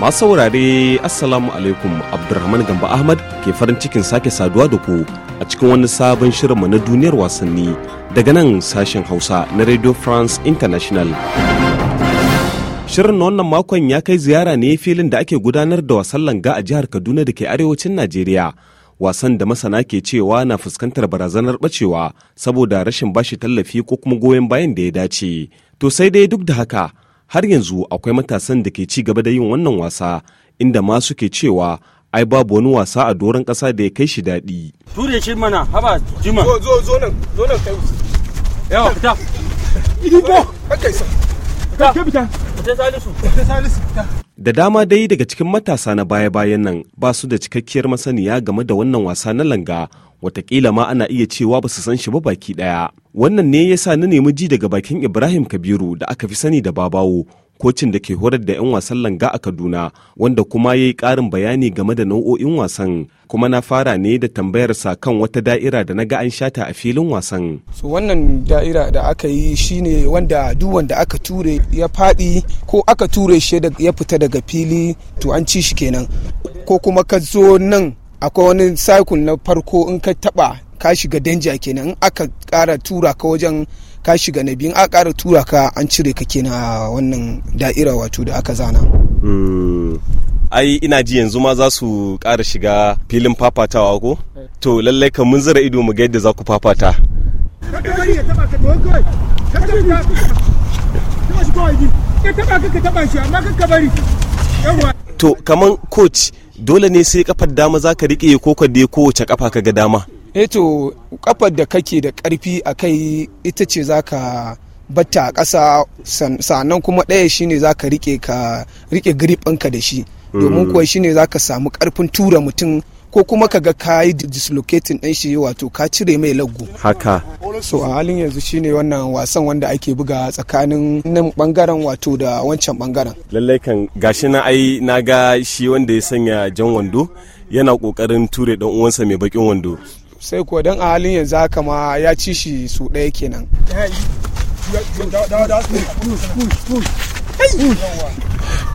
masu saurare assalamu alaikum abdulrahman gamba ahmad ke farin cikin sake saduwa da ku a cikin wani sabon shirinmu na duniyar wasanni daga nan sashen hausa na radio france international shirin na wannan makon ya kai ziyara ne filin da ake gudanar da wasan langa a jihar kaduna da ke arewacin najeriya wasan da masana ke cewa na fuskantar barazanar bacewa saboda rashin bashi tallafi ko kuma goyon bayan da ya dace to sai dai duk da haka har yanzu akwai matasan da ke ci gaba da yin wannan wasa inda ma suke cewa ai babu wani wasa a doron kasa da ya kai shi daɗi. Ture shi mana haba jima. Zo zo nan zo nan kai. Yawa fita. sa. Fita. fita. Fita Salisu. Fita Salisu fita. Da dama dai daga cikin matasa na baya-bayan nan ba su da cikakkiyar masaniya game da wannan wasa na langa watakila ma ana iya cewa ba su san shi ba baki ɗaya wannan ne ya sa na nemi ji daga bakin ibrahim kabiru da aka fi sani da babawo kocin da ke horar da 'yan wasan langa a kaduna wanda kuma ya yi ƙarin bayani game da nau'o'in wasan kuma na fara ne da tambayarsa kan wata da'ira da na ga an shata a filin wasan. so wannan da'ira da aka yi shine wanda duk wanda aka ture ya fadi ko aka ture shi ya fita daga fili to an ci shi kenan ko kuma ka zo nan akwai wani cycle na farko in ka taba ka shiga danger kenan in aka kara tura ka wajen ka shiga na biyu in aka kara tura ka an cire ka kenan a wannan da'ira wato da aka zana hmm. ai ina ji yanzu ma za su ƙara shiga filin fafatawa ko to lallai ka mun zira ido mu ga yadda za ku fafata to kaman coach dole ne sai kafar dama za ka riƙe ko ka dai kowace kafa ka ga dama eto eh kafar da kake da karfi a kai ita ce za ka batta a ƙasa sannan kuma ɗaya shi ne za ka riƙe ka da shi domin kuwa ne za ka samu ƙarfin tura mutum ko kuma ka ga ka yi dislocating ɗin shi wato ka cire mai laggo haka so a halin yanzu shine wannan wasan wanda ake buga tsakanin nan bangaren wato da wancan bangaren lallai kan gashi na ai na ga shi wanda ya sanya jan wando yana kokarin ture dan uwansa mai bakin wando sai kuwa dan a halin yanzu haka ma ya ci shi su ɗaya kenan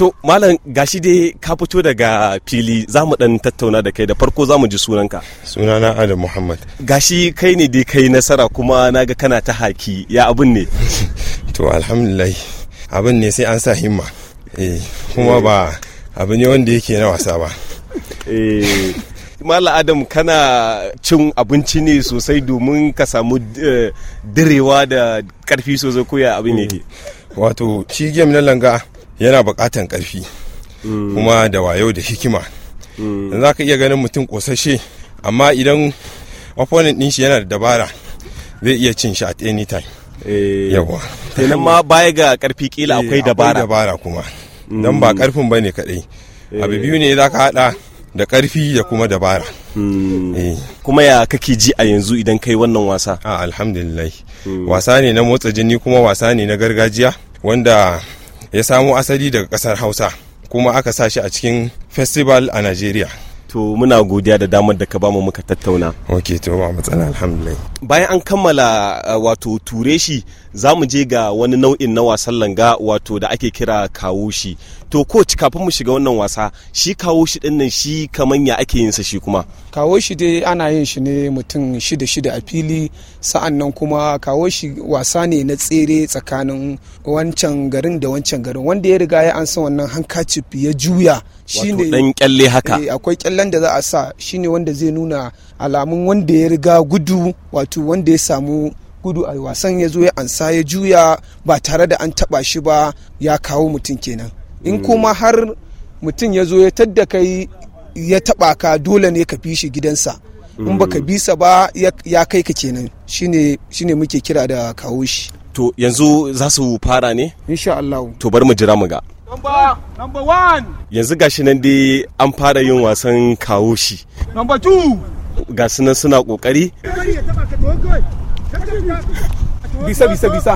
To malam gashi dai ka fito daga fili za mu dan tattauna da kai da farko za mu ji sunanka. Sunana Adam Muhammad. Gashi kai ne dai kai nasara kuma na ga kana ta haki ya abin ne. to alhamdulillah abin ne sai an sa himma. Eh kuma ba abin ne wanda yake na wasa ba. Eh Mala Adam kana cin abinci ne sosai domin ka samu eh, direwa da karfi sosai ko ya abin ne. Wato shi game na langa yana buƙatan ƙarfi mm. kuma da wayo da hikima yanzu mm. za ka iya ganin mutum ƙosashe amma idan opponent ɗin shi yana da dabara zai iya cin shi at any time eh. yawa kenan ma baya ga ƙarfi kila eh, akwai dabara dabara kuma mm. don ba ƙarfin ba ne kaɗai abu eh. biyu ne za ka haɗa da ƙarfi da kuma dabara. kuma ya kake ji a yanzu idan kai wannan wasa? Ah, alhamdulillah wasa ne na motsa jini kuma wasa ne na gargajiya wanda ya samo asali daga kasar hausa kuma aka sa shi a cikin festival a nigeria. to muna godiya da damar da ka bamu muka tattauna ok to ba matsala alhamdulillah bayan an kammala uh, wato ture shi za mu je ga wani nau'in na wasan langa wato da ake kira kawo shi to ko kafin mu shiga wannan wasa shi kawo shi din nan shi kamar ya ake yin sa shi kuma kawo shi dai ana yin shi ne mutum shida shida a fili sa'an nan kuma kawo shi wasa ne na tsere tsakanin wancan garin da wancan garin wanda ya riga ya an san wannan hankaci ya juya shine dan kyalle haka eh, akwai kyalle labulan da za a sa shine wanda zai nuna alamun wanda ya riga gudu wato wanda ya samu gudu a wasan ya zo ya ansa ya juya ba tare da an taba shi ba ya kawo mutum kenan in mm. kuma har mutum ya zo ya tadda kai ya taba ka dole ne ka fi shi gidansa in baka mm. bi sa ba ya kai ka kenan shine shine muke kira da kawo shi to yanzu za su fara ne insha Allah to bar mu jira mu ga Yanzu gashi nan dai an fara yin wasan kawo shi. Ga su nan suna kokari. Bisa bisa bisa.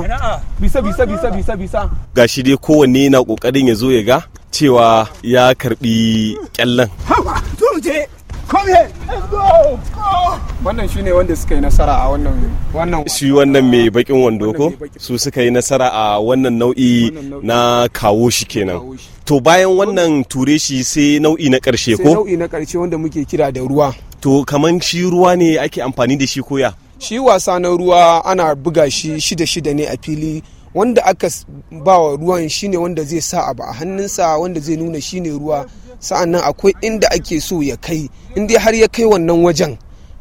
Bisa bisa bisa bisa bisa. Gashi dai kowanne yana kokarin ya zo ya ga cewa ya karbi kyallan. Come here. Let's go. Wannan shine wanda suka yi nasara a wannan wannan shi wannan mai bakin wando ko su suka yi nasara a wannan nau'i na kawo shi kenan. To bayan wannan ture shi sai nau'i na karshe ko? Sai nau'i na karshe wanda muke kira da ruwa. To kaman shi ruwa ne ake amfani da shi koya? Shi wasa na ruwa ana buga shi shida-shida ne a fili wanda aka bawa ruwan shine wanda zai sa abu a hannunsa wanda zai nuna shine ruwa. sa'an nan akwai inda ake so ya kai in dai har ya kai wannan wajen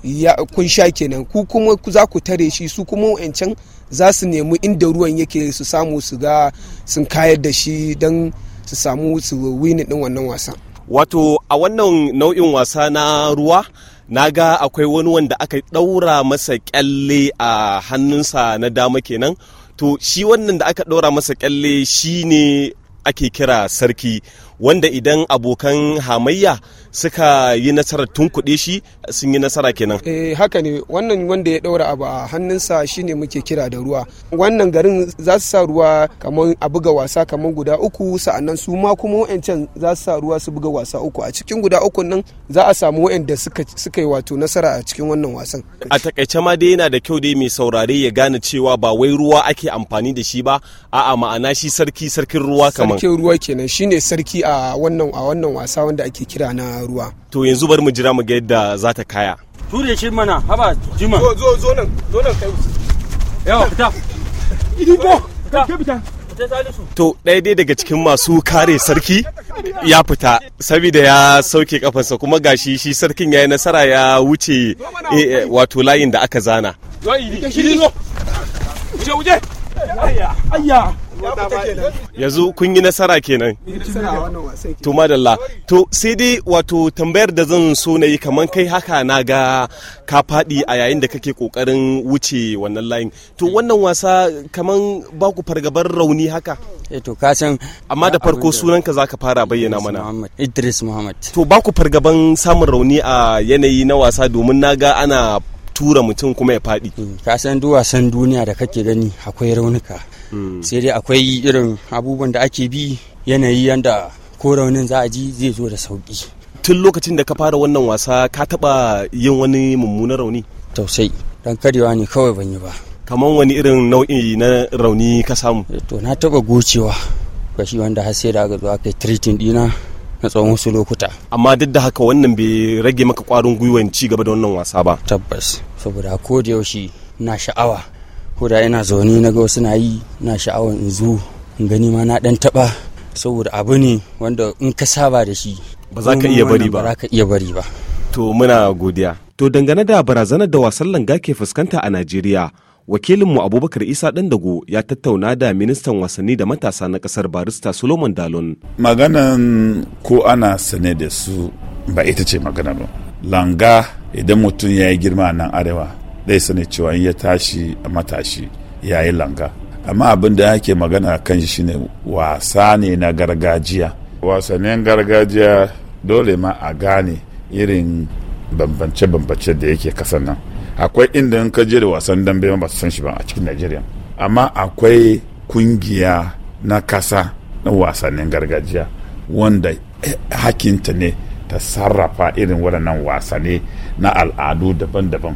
ya kun sha kenan ku kuma za ku tare shi su kuma wancan za su nemi inda ruwan yake su samu su ga sun kayar da shi don su samu su wini din wannan wasa wato a wannan nau'in wasa na ruwa na ga akwai wani wanda aka ɗaura masa kyalle a hannunsa na dama kenan to shi wannan da aka ɗaura masa kyalle shi ne ake kira sarki wanda idan abokan hamayya suka yi nasarar tunkuɗe shi sun yi nasara kenan. Eh haka ne wannan wanda ya ɗaura abu a hannunsa shine muke kira da ruwa. Wannan garin za su sa ruwa kamar a buga wasa kamar guda uku sa'annan su ma kuma wa'ancan za su sa ruwa su buga wasa uku a cikin guda uku nan za a samu wa'anda suka yi wato nasara a cikin wannan wasan. A takaice ma dai yana da kyau dai mai saurare ya gane cewa ba wai ruwa ake amfani da shi ba a'a ma'ana shi sarki sarkin ruwa kamar. Sarkin ruwa kenan shine sarki a wannan a wannan wasa wanda ake kira na ruwa to yanzu bari mu jira mu ga yadda za ta kaya ture shi mana haba jima zo zo zo nan zo nan kai yawa fita idin go, ka fita To ɗaya dai daga cikin masu kare sarki ya fita saboda ya sauke kafarsa kuma gashi shi sarkin ya yi nasara ya wuce eh, eh, wato layin da aka zana. Ayya! yanzu kun yi nasara kenan to madalla to sai dai wato tambayar da zan so na yi kamar kai haka na ga ka faɗi a yayin da kake kokarin wuce wannan layin to wannan wasa kamar ba ku fargabar rauni haka eh to ka san amma da farko sunanka zaka fara bayyana mana Idris Muhammad to ba ku fargaban samun rauni a yanayi na wasa domin naga ana tura mutum kuma ya faɗi. Hmm, ka san duwasan duniya da kake gani akwai raunuka hmm. sai dai akwai irin abubuwan da ake bi yanayi yanda ko raunin za a ji zai zo da sauki tun lokacin da ka fara wannan wasa ka taba yin wani mummunan rauni tausai dan karewa ne kawai ban yi ba kamar wani irin nau'i na rauni ka samu eh, to na taba gocewa kashi wanda har sai da aka zo aka yi treating dina na tsawon wasu lokuta amma duk da haka wannan bai rage maka kwarin gwiwan ci gaba da wannan wasa ba tabbas saboda ko da yaushe na sha'awa ko da ina zaune na ga wasu na yi na sha'awa in zo in gani ma na dan taba saboda abu ne wanda in ka saba da shi ba za ka iya bari ba ba za ka iya bari ba to muna godiya to dangane da barazanar da wasan langa ke fuskanta a Najeriya wakilinmu abubakar isa dago ya tattauna da ministan wasanni da matasa na kasar barista solomon dalon maganan ko ana sane da su ba ita ce magana ba langa idan mutum ya yi girma nan arewa zai sani cewa ya tashi a matashi ya yi langa amma abin da ake magana kan shi shine wasa ne na gargajiya wasannin gargajiya dole ma a gane irin bambance-bambance da yake kasan nan akwai inda in ka je da wasan dambe ba su san shi ba a cikin Najeriya amma akwai kungiya na kasa na wasannin gargajiya wanda eh, hakinta ne ta sarrafa irin waɗannan wasanni na al'adu daban-daban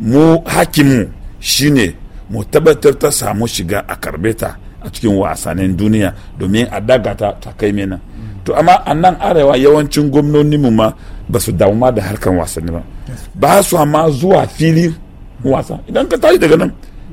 mu hakimu shine mu tabbatar ta samu shiga a karbeta a cikin wasannin duniya domin a dagata ta kai mena to amma a nan arewa yawancin mu ma ba su damu da harkan wasanni ba ba su ma zuwa fili wasa idan ka tashi daga nan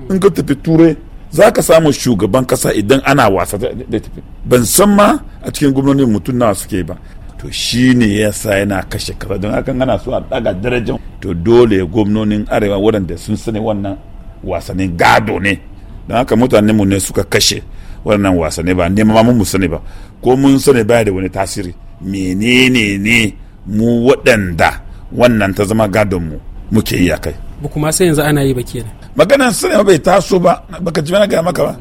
in ka tafi turai za ka samu shugaban kasa idan ana wasa da tafi ban san ma a cikin gwamnoni mutum nawa suke ba to shi ne ya sa yana kashe kasa don hakan ana so a daga darajan to dole gwamnonin arewa wadanda sun sani wannan wasannin gado ne don haka mutane mu ne suka kashe waɗannan wasanni ba ne ma mu sani ba ko mun sani baya da wani tasiri menene ne mu waɗanda wannan ta zama gadon mu muke yi a kai ba kuma sai yanzu ana yi ba kenan maganan sani bai taso ba baka ji na ga maka ba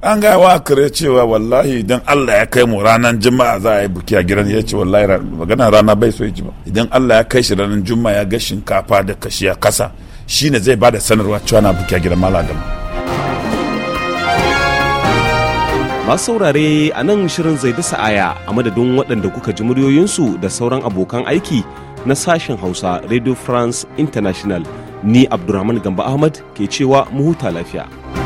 an ga wa kare cewa wallahi idan Allah ya kai mu ranar juma'a za a yi buki a gidan ya ce wallahi maganar rana bai so ji ba idan Allah ya kai shi ranar juma'a ya ga shinkafa da kashi a kasa shine zai bada sanarwa cewa na buki a gidan malam masu saurare a nan shirin zai dasa aya a madadin waɗanda kuka ji muryoyinsu da sauran abokan aiki na sashen hausa radio france international ni abdulrahman gamba ahmad ke cewa mu huta lafiya.